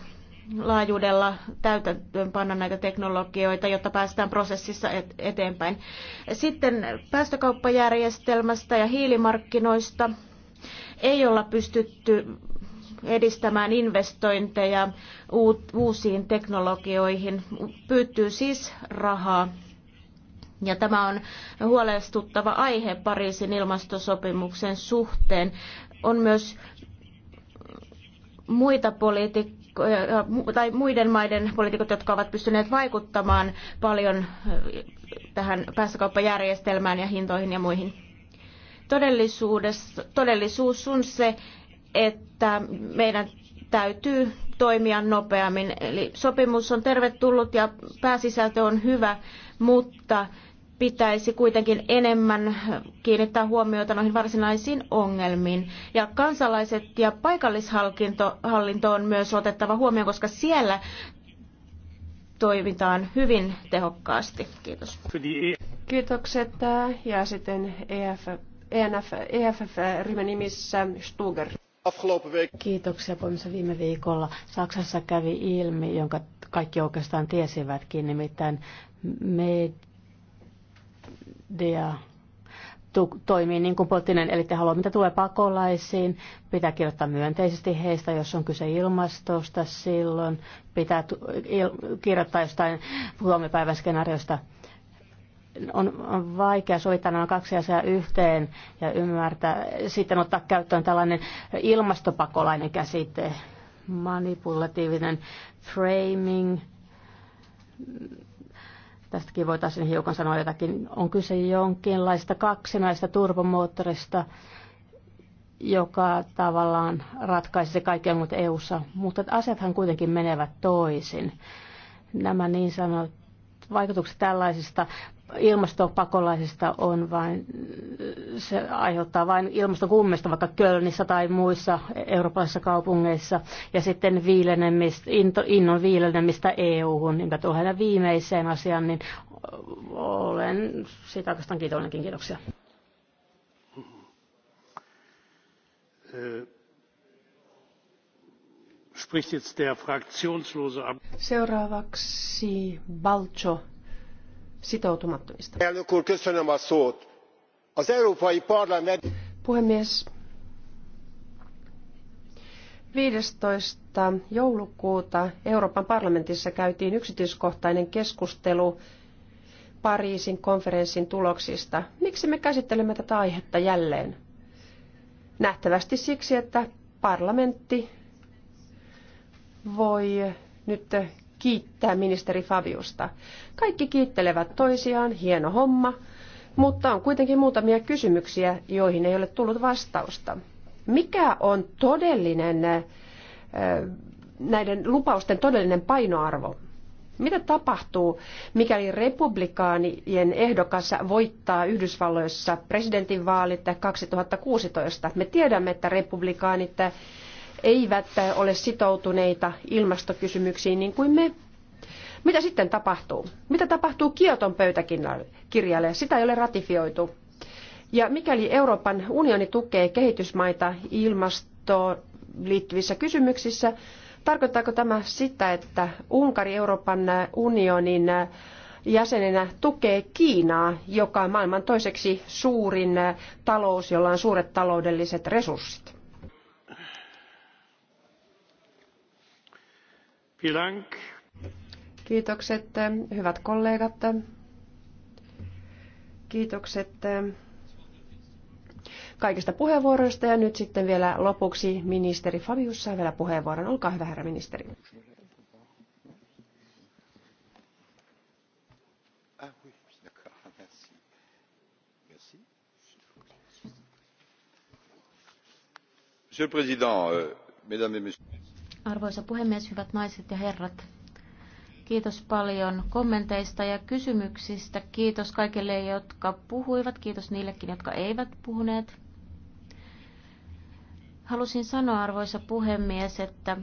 laajuudella täytäntöönpanna näitä teknologioita, jotta päästään prosessissa eteenpäin. Sitten päästökauppajärjestelmästä ja hiilimarkkinoista ei olla pystytty edistämään investointeja uusiin teknologioihin. Pyytyy siis rahaa. Ja tämä on huolestuttava aihe Pariisin ilmastosopimuksen suhteen. On myös muita poliitikkoja tai muiden maiden poliitikot, jotka ovat pystyneet vaikuttamaan paljon eh, tähän päästökauppajärjestelmään ja hintoihin ja muihin. Todellisuudessa, todellisuus on se, että meidän täytyy toimia nopeammin. Eli sopimus on tervetullut ja pääsisältö on hyvä, mutta pitäisi kuitenkin enemmän kiinnittää huomiota noihin varsinaisiin ongelmiin. Ja kansalaiset ja paikallishallinto on myös otettava huomioon, koska siellä toimitaan hyvin tehokkaasti. Kiitos. Kiitokset. Ja sitten EF, ENF, EFF-ryhmän nimissä Stuger. Kiitoksia poimissa viime viikolla. Saksassa kävi ilmi, jonka kaikki oikeastaan tiesivätkin, nimittäin media toimii niin kuin poliittinen, eli te haluaa, mitä tulee pakolaisiin, pitää kirjoittaa myönteisesti heistä, jos on kyse ilmastosta silloin, pitää kirjoittaa jostain huomipäivän skenaariosta on, on vaikea sovittaa nämä kaksi asiaa yhteen ja ymmärtää, sitten ottaa käyttöön tällainen ilmastopakolainen käsite, manipulatiivinen framing. Tästäkin voitaisiin hiukan sanoa jotakin. On kyse jonkinlaista kaksinaista turbomoottorista, joka tavallaan ratkaisisi kaiken muut EU-ssa, mutta asiathan kuitenkin menevät toisin. Nämä niin sanotut vaikutukset tällaisista ilmastopakolaisista on vain, se aiheuttaa vain ilmastokummesta vaikka Kölnissä tai muissa eurooppalaisissa kaupungeissa ja sitten viilenemistä, into, innon viilenemistä EU-hun, niin tuohon viimeiseen asiaan, niin olen siitä oikeastaan kiitollinenkin. Kiitoksia. Seuraavaksi Balcho sitoutumattomista. Puhemies, 15. joulukuuta Euroopan parlamentissa käytiin yksityiskohtainen keskustelu Pariisin konferenssin tuloksista. Miksi me käsittelemme tätä aihetta jälleen? Nähtävästi siksi, että parlamentti voi nyt kiittää ministeri Faviusta. Kaikki kiittelevät toisiaan, hieno homma, mutta on kuitenkin muutamia kysymyksiä, joihin ei ole tullut vastausta. Mikä on todellinen, näiden lupausten todellinen painoarvo? Mitä tapahtuu, mikäli republikaanien ehdokas voittaa Yhdysvalloissa presidentinvaalit 2016? Me tiedämme, että republikaanit eivät ole sitoutuneita ilmastokysymyksiin niin kuin me. Mitä sitten tapahtuu? Mitä tapahtuu Kioton pöytäkirjalle? Sitä ei ole ratifioitu. Ja mikäli Euroopan unioni tukee kehitysmaita ilmastoon liittyvissä kysymyksissä, tarkoittaako tämä sitä, että Unkari Euroopan unionin jäsenenä tukee Kiinaa, joka on maailman toiseksi suurin talous, jolla on suuret taloudelliset resurssit? Kiitokset, hyvät kollegat. Kiitokset kaikista puheenvuoroista ja nyt sitten vielä lopuksi ministeri Fabius saa vielä puheenvuoron. Olkaa hyvä, herra ministeri. Monsieur le Président, euh, Mesdames et Messieurs, Arvoisa puhemies, hyvät naiset ja herrat. Kiitos paljon kommenteista ja kysymyksistä. Kiitos kaikille, jotka puhuivat. Kiitos niillekin, jotka eivät puhuneet. Halusin sanoa, arvoisa puhemies, että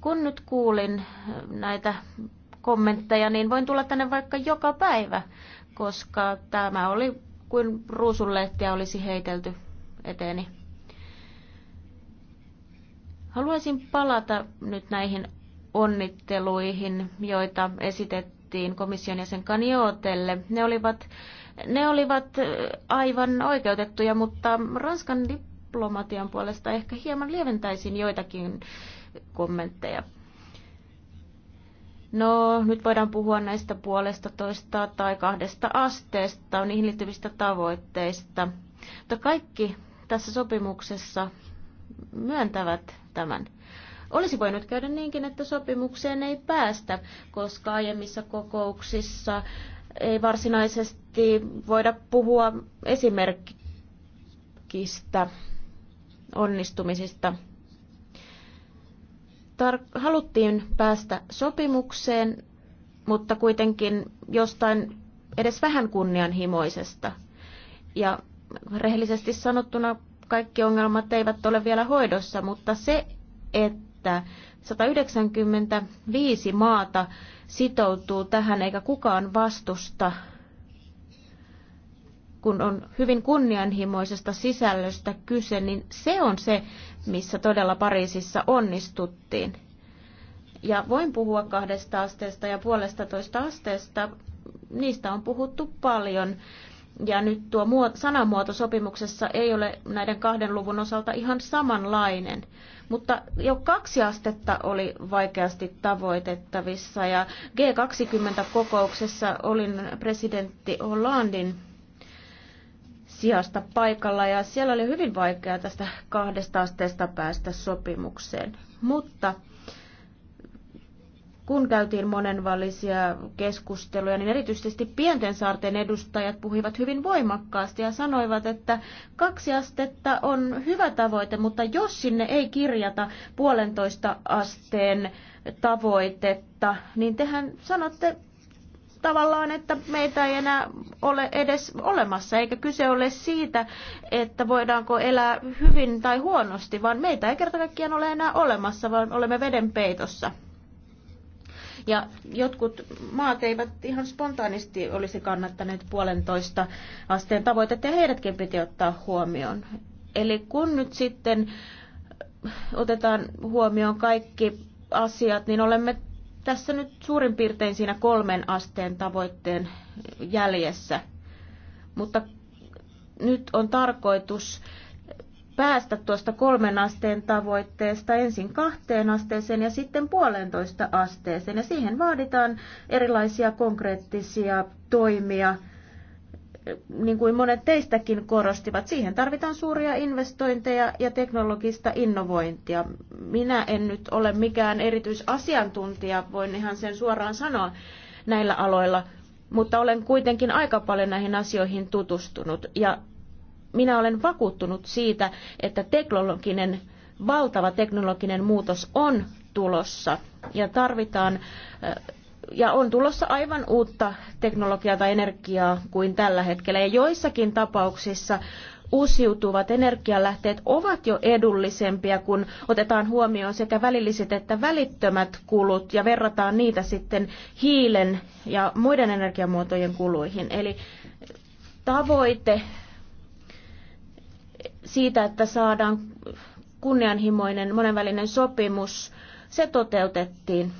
kun nyt kuulin äh, näitä kommentteja, niin voin tulla tänne vaikka joka päivä, koska tämä oli kuin ruusunlehtiä olisi heitelty eteeni. Haluaisin palata nyt näihin onnitteluihin, joita esitettiin komission jäsen Kaniotelle. Ne olivat, ne olivat aivan oikeutettuja, mutta Ranskan diplomatian puolesta ehkä hieman lieventäisin joitakin kommentteja. No, nyt voidaan puhua näistä puolesta toista tai kahdesta asteesta, niihin liittyvistä tavoitteista. Mutta kaikki tässä sopimuksessa myöntävät tämän. Olisi voinut käydä niinkin, että sopimukseen ei päästä, koska aiemmissa kokouksissa ei varsinaisesti voida puhua esimerkkistä onnistumisista. Tar- haluttiin päästä sopimukseen, mutta kuitenkin jostain edes vähän kunnianhimoisesta. Ja rehellisesti sanottuna kaikki ongelmat eivät ole vielä hoidossa, mutta se, että 195 maata sitoutuu tähän eikä kukaan vastusta, kun on hyvin kunnianhimoisesta sisällöstä kyse, niin se on se, missä todella Pariisissa onnistuttiin. Ja voin puhua kahdesta asteesta ja puolesta toista asteesta. Niistä on puhuttu paljon. Ja nyt tuo sanamuoto sopimuksessa ei ole näiden kahden luvun osalta ihan samanlainen. Mutta jo kaksi astetta oli vaikeasti tavoitettavissa ja G20-kokouksessa olin presidentti Hollandin sijasta paikalla ja siellä oli hyvin vaikea tästä kahdesta asteesta päästä sopimukseen. Mutta kun käytiin monenvälisiä keskusteluja, niin erityisesti pienten saarten edustajat puhuivat hyvin voimakkaasti ja sanoivat, että kaksi astetta on hyvä tavoite, mutta jos sinne ei kirjata puolentoista asteen tavoitetta, niin tehän sanotte tavallaan, että meitä ei enää ole edes olemassa, eikä kyse ole siitä, että voidaanko elää hyvin tai huonosti, vaan meitä ei kerta kaikkiaan ole enää olemassa, vaan olemme veden peitossa. Ja jotkut maat eivät ihan spontaanisti olisi kannattaneet puolentoista asteen tavoitetta ja heidätkin piti ottaa huomioon. Eli kun nyt sitten äh, otetaan huomioon kaikki asiat, niin olemme tässä nyt suurin piirtein siinä kolmen asteen tavoitteen jäljessä. Mutta nyt on tarkoitus päästä tuosta kolmen asteen tavoitteesta ensin kahteen asteeseen ja sitten puolentoista asteeseen. Ja siihen vaaditaan erilaisia konkreettisia toimia, niin kuin monet teistäkin korostivat. Siihen tarvitaan suuria investointeja ja teknologista innovointia. Minä en nyt ole mikään erityisasiantuntija, voin ihan sen suoraan sanoa näillä aloilla, mutta olen kuitenkin aika paljon näihin asioihin tutustunut. Ja minä olen vakuuttunut siitä, että teknologinen, valtava teknologinen muutos on tulossa ja tarvitaan äh, ja on tulossa aivan uutta teknologiaa tai energiaa kuin tällä hetkellä. Ja joissakin tapauksissa uusiutuvat energialähteet ovat jo edullisempia, kun otetaan huomioon sekä välilliset että välittömät kulut ja verrataan niitä sitten hiilen ja muiden energiamuotojen kuluihin. Eli tavoite siitä, että saadaan kunnianhimoinen monenvälinen sopimus, se toteutettiin.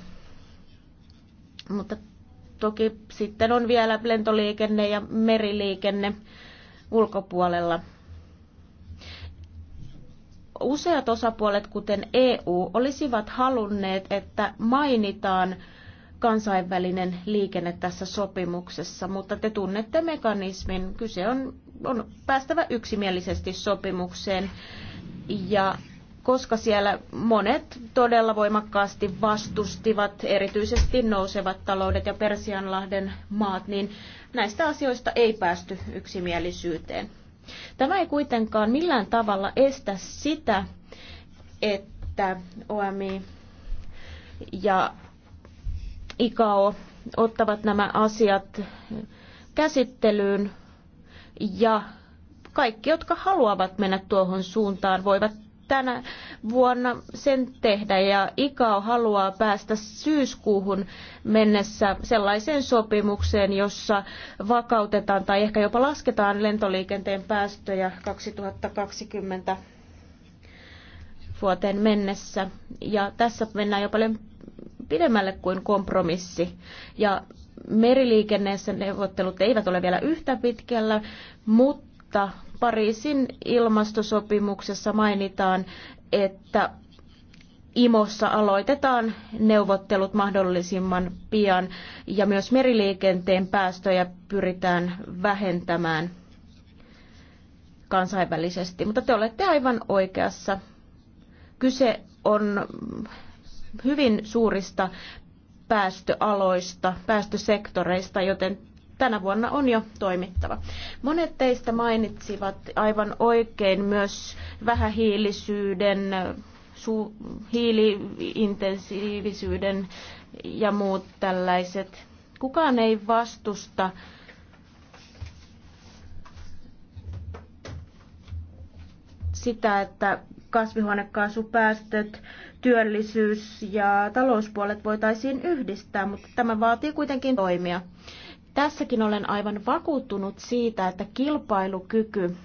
Mutta toki sitten on vielä lentoliikenne ja meriliikenne ulkopuolella. Useat osapuolet, kuten EU, olisivat halunneet, että mainitaan kansainvälinen liikenne tässä sopimuksessa, mutta te tunnette mekanismin. Kyse on, on päästävä yksimielisesti sopimukseen ja koska siellä monet todella voimakkaasti vastustivat, erityisesti nousevat taloudet ja Persianlahden maat, niin näistä asioista ei päästy yksimielisyyteen. Tämä ei kuitenkaan millään tavalla estä sitä, että OMI ja ICAO ottavat nämä asiat käsittelyyn ja kaikki, jotka haluavat mennä tuohon suuntaan, voivat tänä vuonna sen tehdä ja ICAO haluaa päästä syyskuuhun mennessä sellaiseen sopimukseen, jossa vakautetaan tai ehkä jopa lasketaan lentoliikenteen päästöjä 2020 vuoteen mennessä. Ja tässä mennään jo paljon pidemmälle kuin kompromissi. Ja meriliikenneessä neuvottelut eivät ole vielä yhtä pitkällä, mutta Pariisin ilmastosopimuksessa mainitaan, että Imossa aloitetaan neuvottelut mahdollisimman pian ja myös meriliikenteen päästöjä pyritään vähentämään kansainvälisesti. Mutta te olette aivan oikeassa. Kyse on hyvin suurista päästöaloista, päästösektoreista, joten tänä vuonna on jo toimittava. Monet teistä mainitsivat aivan oikein myös vähähiilisyyden, su- hiiliintensiivisyyden ja muut tällaiset. Kukaan ei vastusta sitä, että kasvihuonekaasupäästöt työllisyys ja talouspuolet voitaisiin yhdistää, mutta tämä vaatii kuitenkin toimia. Tässäkin olen aivan vakuuttunut siitä, että kilpailukyky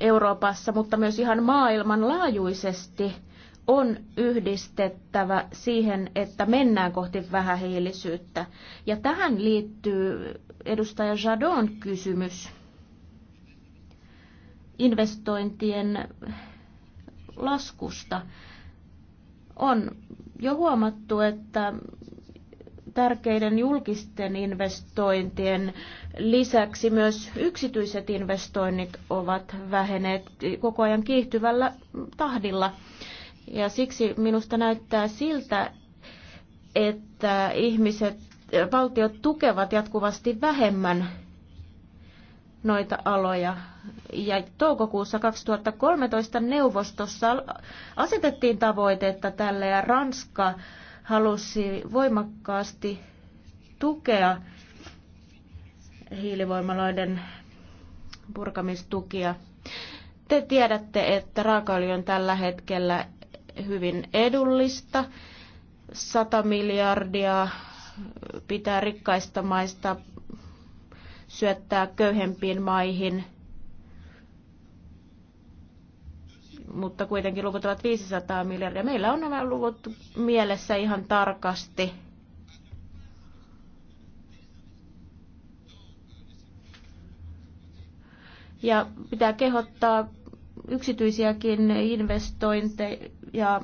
Euroopassa, mutta myös ihan maailmanlaajuisesti on yhdistettävä siihen, että mennään kohti vähähiilisyyttä. Ja tähän liittyy edustaja Jadon kysymys investointien laskusta. On jo huomattu, että tärkeiden julkisten investointien lisäksi myös yksityiset investoinnit ovat väheneet koko ajan kiihtyvällä tahdilla. Ja siksi minusta näyttää siltä, että ihmiset, valtiot tukevat jatkuvasti vähemmän noita aloja. Ja toukokuussa 2013 neuvostossa asetettiin tavoitetta tälle ja Ranska halusi voimakkaasti tukea hiilivoimaloiden purkamistukia. Te tiedätte, että raakaöljy on tällä hetkellä hyvin edullista. 100 miljardia pitää rikkaista maista syöttää köyhempiin maihin, mutta kuitenkin luvut ovat 500 miljardia. Meillä on nämä luvut mielessä ihan tarkasti. Ja pitää kehottaa yksityisiäkin investointeja,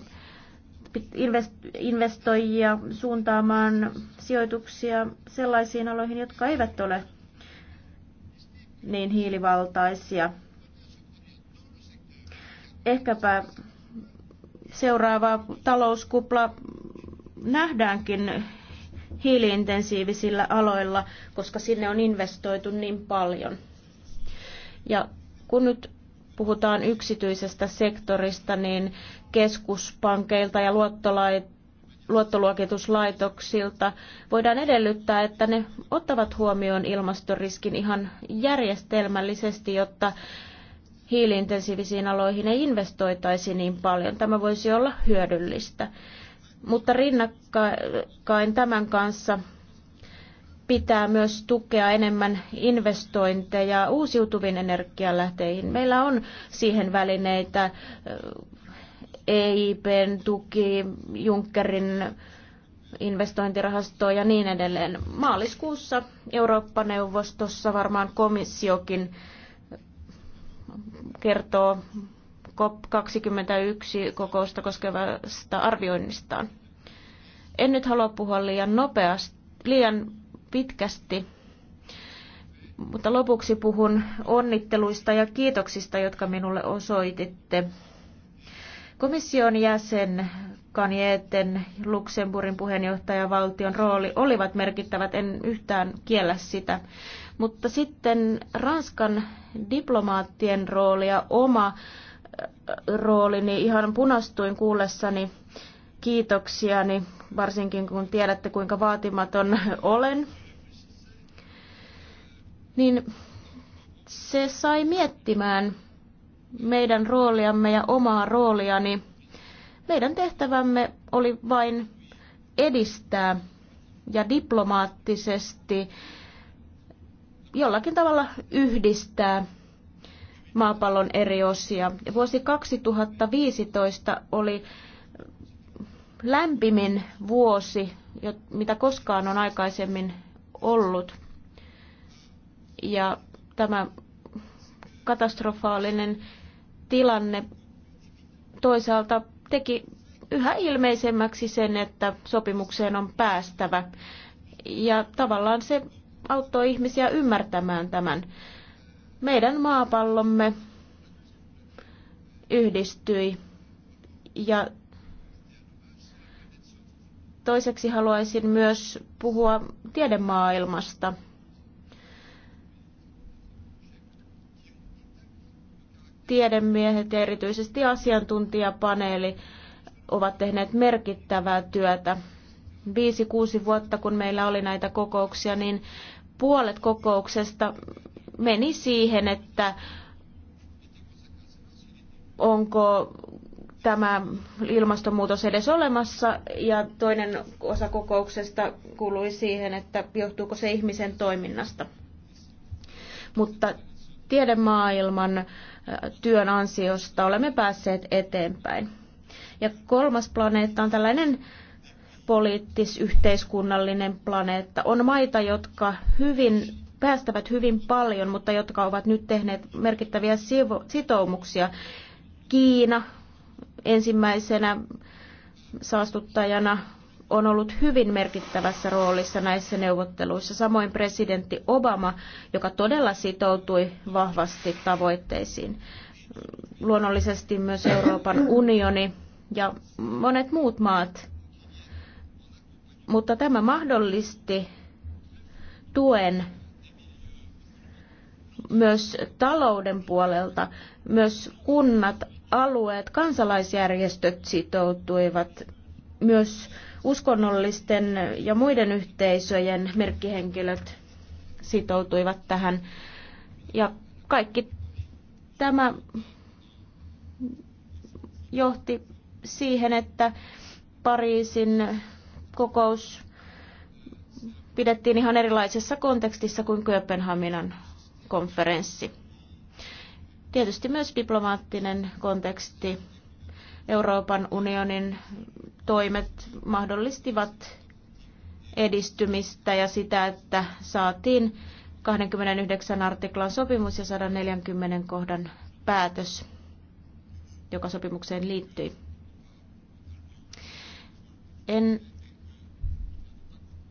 investoijia suuntaamaan sijoituksia sellaisiin aloihin, jotka eivät ole niin hiilivaltaisia. Ehkäpä seuraava talouskupla nähdäänkin hiiliintensiivisillä aloilla, koska sinne on investoitu niin paljon. Ja kun nyt puhutaan yksityisestä sektorista, niin keskuspankeilta ja luottolait luottoluokituslaitoksilta voidaan edellyttää, että ne ottavat huomioon ilmastoriskin ihan järjestelmällisesti, jotta hiiliintensiivisiin aloihin ei investoitaisi niin paljon. Tämä voisi olla hyödyllistä. Mutta rinnakkain tämän kanssa pitää myös tukea enemmän investointeja uusiutuviin energialähteihin. Meillä on siihen välineitä EIPn tuki, Junckerin investointirahastoa ja niin edelleen. Maaliskuussa Eurooppa-neuvostossa varmaan komissiokin kertoo COP21 kokousta koskevasta arvioinnistaan. En nyt halua puhua liian nopeasti, liian pitkästi, mutta lopuksi puhun onnitteluista ja kiitoksista, jotka minulle osoititte Komission jäsen Kanieten Luxemburgin puheenjohtajavaltion rooli olivat merkittävät, en yhtään kiellä sitä. Mutta sitten Ranskan diplomaattien rooli ja oma rooli, niin ihan punastuin kuullessani kiitoksiani, varsinkin kun tiedätte kuinka vaatimaton olen. Niin se sai miettimään meidän rooliamme ja omaa roolia niin meidän tehtävämme oli vain edistää ja diplomaattisesti jollakin tavalla yhdistää maapallon eri osia. Vuosi 2015 oli lämpimin vuosi, mitä koskaan on aikaisemmin ollut. Ja tämä katastrofaalinen tilanne toisaalta teki yhä ilmeisemmäksi sen, että sopimukseen on päästävä. Ja tavallaan se auttoi ihmisiä ymmärtämään tämän. Meidän maapallomme yhdistyi ja toiseksi haluaisin myös puhua tiedemaailmasta – tiedemiehet ja erityisesti asiantuntijapaneeli ovat tehneet merkittävää työtä. Viisi, kuusi vuotta, kun meillä oli näitä kokouksia, niin puolet kokouksesta meni siihen, että onko tämä ilmastonmuutos edes olemassa ja toinen osa kokouksesta kuului siihen, että johtuuko se ihmisen toiminnasta. Mutta tiedemaailman työn ansiosta olemme päässeet eteenpäin. Ja kolmas planeetta on tällainen poliittis-yhteiskunnallinen planeetta. On maita, jotka hyvin päästävät hyvin paljon, mutta jotka ovat nyt tehneet merkittäviä sitoumuksia. Kiina ensimmäisenä saastuttajana, on ollut hyvin merkittävässä roolissa näissä neuvotteluissa. Samoin presidentti Obama, joka todella sitoutui vahvasti tavoitteisiin. Luonnollisesti myös Euroopan unioni ja monet muut maat. Mutta tämä mahdollisti tuen myös talouden puolelta, myös kunnat, alueet, kansalaisjärjestöt sitoutuivat, myös Uskonnollisten ja muiden yhteisöjen merkkihenkilöt sitoutuivat tähän. Ja kaikki tämä johti siihen, että Pariisin kokous pidettiin ihan erilaisessa kontekstissa kuin Kööpenhaminan konferenssi. Tietysti myös diplomaattinen konteksti Euroopan unionin toimet mahdollistivat edistymistä ja sitä, että saatiin 29 artiklan sopimus ja 140 kohdan päätös, joka sopimukseen liittyi. En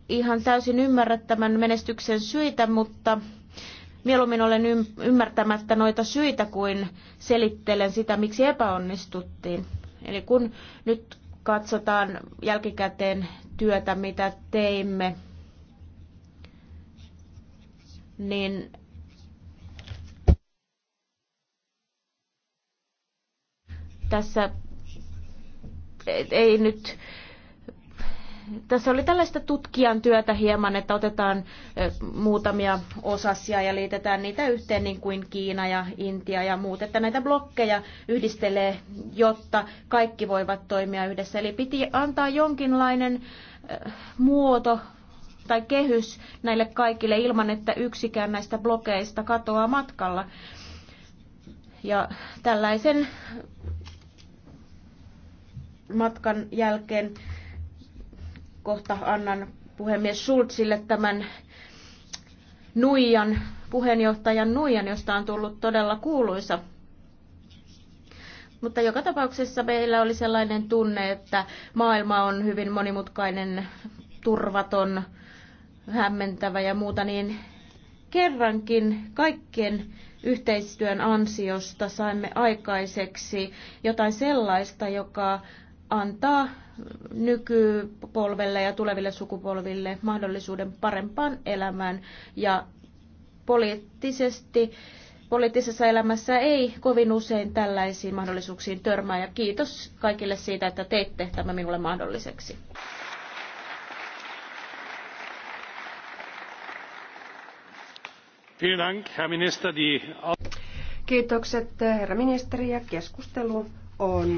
ihan täysin ymmärrä tämän menestyksen syitä, mutta mieluummin olen ymmärtämättä noita syitä kuin selittelen sitä, miksi epäonnistuttiin. Eli kun nyt katsotaan jälkikäteen työtä, mitä teimme, niin tässä ei nyt tässä oli tällaista tutkijan työtä hieman, että otetaan muutamia osasia ja liitetään niitä yhteen, niin kuin Kiina ja Intia ja muut, että näitä blokkeja yhdistelee, jotta kaikki voivat toimia yhdessä. Eli piti antaa jonkinlainen muoto tai kehys näille kaikille ilman, että yksikään näistä blokeista katoaa matkalla. Ja tällaisen matkan jälkeen kohta annan puhemies Schulzille tämän Nuijan, puheenjohtajan Nuijan, josta on tullut todella kuuluisa. Mutta joka tapauksessa meillä oli sellainen tunne, että maailma on hyvin monimutkainen, turvaton, hämmentävä ja muuta, niin kerrankin kaikkien yhteistyön ansiosta saimme aikaiseksi jotain sellaista, joka antaa nykypolvelle ja tuleville sukupolville mahdollisuuden parempaan elämään ja poliittisesti poliittisessa elämässä ei kovin usein tällaisiin mahdollisuuksiin törmää ja kiitos kaikille siitä, että teitte tämä minulle mahdolliseksi. Kiitokset herra ministeri ja keskustelu on